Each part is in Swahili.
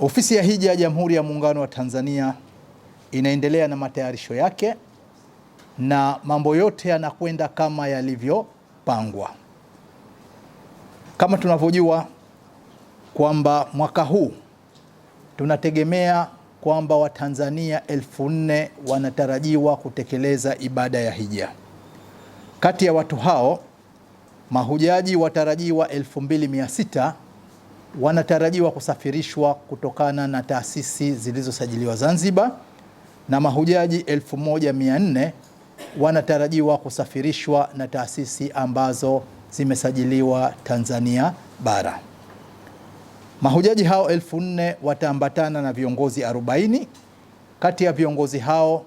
Ofisi ya Hija ya Jamhuri ya Muungano wa Tanzania inaendelea na matayarisho yake na mambo yote yanakwenda kama yalivyopangwa. Kama tunavyojua kwamba mwaka huu tunategemea kwamba Watanzania elfu nne wanatarajiwa kutekeleza ibada ya hija. Kati ya watu hao mahujaji watarajiwa elfu mbili mia sita wanatarajiwa kusafirishwa kutokana na taasisi zilizosajiliwa Zanzibar na mahujaji 1400 wanatarajiwa kusafirishwa na taasisi ambazo zimesajiliwa Tanzania bara. Mahujaji hao 4000 wataambatana na viongozi 40. Kati ya viongozi hao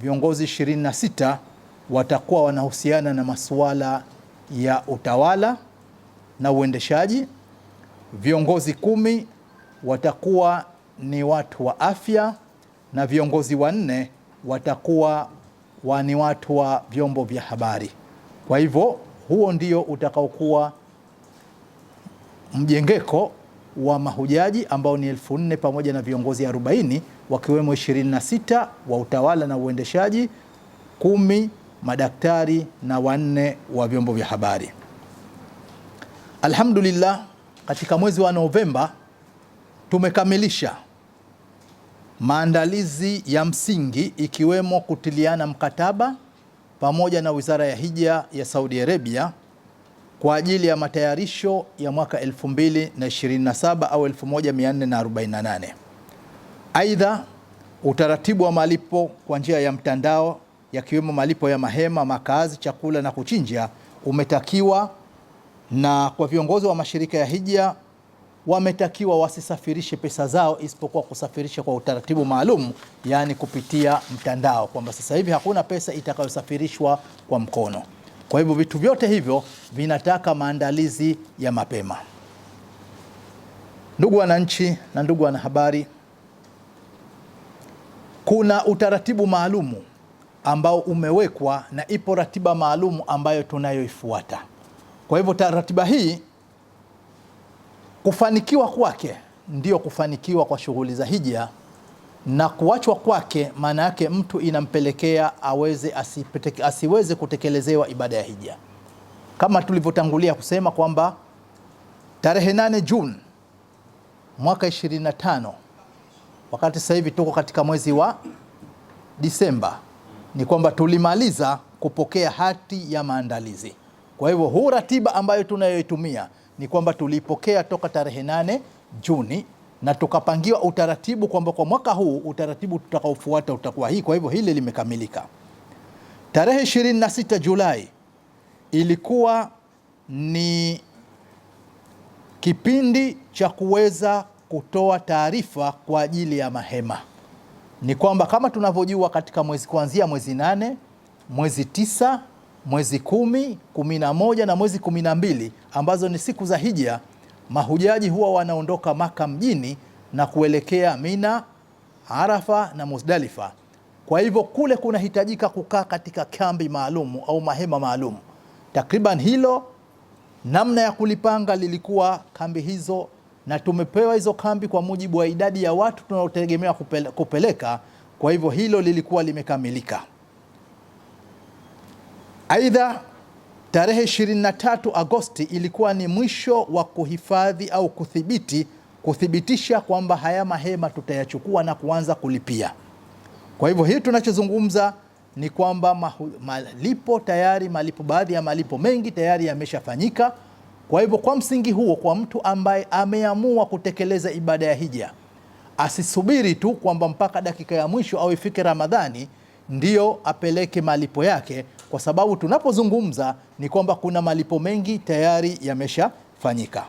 viongozi 26 watakuwa wanahusiana na masuala ya utawala na uendeshaji viongozi kumi watakuwa ni watu wa afya na viongozi wanne watakuwa wa ni watu wa vyombo vya habari. Kwa hivyo huo ndio utakaokuwa mjengeko wa mahujaji ambao ni elfu nne pamoja na viongozi 40 wakiwemo 26 wa utawala na uendeshaji, kumi madaktari na wanne wa vyombo vya habari. Alhamdulillah katika mwezi wa Novemba tumekamilisha maandalizi ya msingi ikiwemo kutiliana mkataba pamoja na Wizara ya Hija ya Saudi Arabia kwa ajili ya matayarisho ya mwaka 2027 au 1448. Aidha, utaratibu wa malipo kwa njia ya mtandao yakiwemo malipo ya mahema, makazi, chakula na kuchinja umetakiwa na kwa viongozi wa mashirika ya hija wametakiwa wasisafirishe pesa zao isipokuwa kusafirisha kwa utaratibu maalum, yaani kupitia mtandao, kwamba sasa hivi hakuna pesa itakayosafirishwa kwa mkono. Kwa hivyo vitu vyote hivyo vinataka maandalizi ya mapema. Ndugu wananchi na ndugu wanahabari, kuna utaratibu maalumu ambao umewekwa na ipo ratiba maalumu ambayo tunayoifuata. Kwa hivyo ratiba hii kufanikiwa kwake ndio kufanikiwa kwa shughuli za hija, na kuachwa kwake maana yake mtu inampelekea aweze asiweze kutekelezewa ibada ya hija, kama tulivyotangulia kusema kwamba tarehe 8 Juni mwaka 25 wakati sasa hivi tuko katika mwezi wa Disemba, ni kwamba tulimaliza kupokea hati ya maandalizi. Kwa hivyo huu ratiba ambayo tunayoitumia ni kwamba tulipokea toka tarehe nane Juni na tukapangiwa utaratibu kwamba kwa mwaka huu utaratibu tutakaofuata utakuwa hii. Kwa hivyo hili limekamilika. Tarehe 26 Julai ilikuwa ni kipindi cha kuweza kutoa taarifa kwa ajili ya mahema. Ni kwamba kama tunavyojua katika mwezi kuanzia mwezi nane, mwezi tisa mwezi kumi, kumi na moja na mwezi kumi na mbili ambazo ni siku za hija, mahujaji huwa wanaondoka Maka mjini na kuelekea Mina, Arafa na Muzdalifa. Kwa hivyo kule kunahitajika kukaa katika kambi maalum au mahema maalum. Takriban hilo namna ya kulipanga lilikuwa kambi hizo, na tumepewa hizo kambi kwa mujibu wa idadi ya watu tunaotegemea kupeleka. Kwa hivyo hilo lilikuwa limekamilika. Aidha, tarehe 23 Agosti ilikuwa ni mwisho wa kuhifadhi au kuthibiti kuthibitisha kwamba haya mahema tutayachukua na kuanza kulipia. Kwa hivyo hii tunachozungumza ni kwamba malipo tayari, malipo baadhi ya malipo mengi tayari yameshafanyika. Kwa hivyo kwa msingi huo, kwa mtu ambaye ameamua kutekeleza ibada ya hija asisubiri tu kwamba mpaka dakika ya mwisho au ifike Ramadhani ndio apeleke malipo yake kwa sababu tunapozungumza ni kwamba kuna malipo mengi tayari yameshafanyika.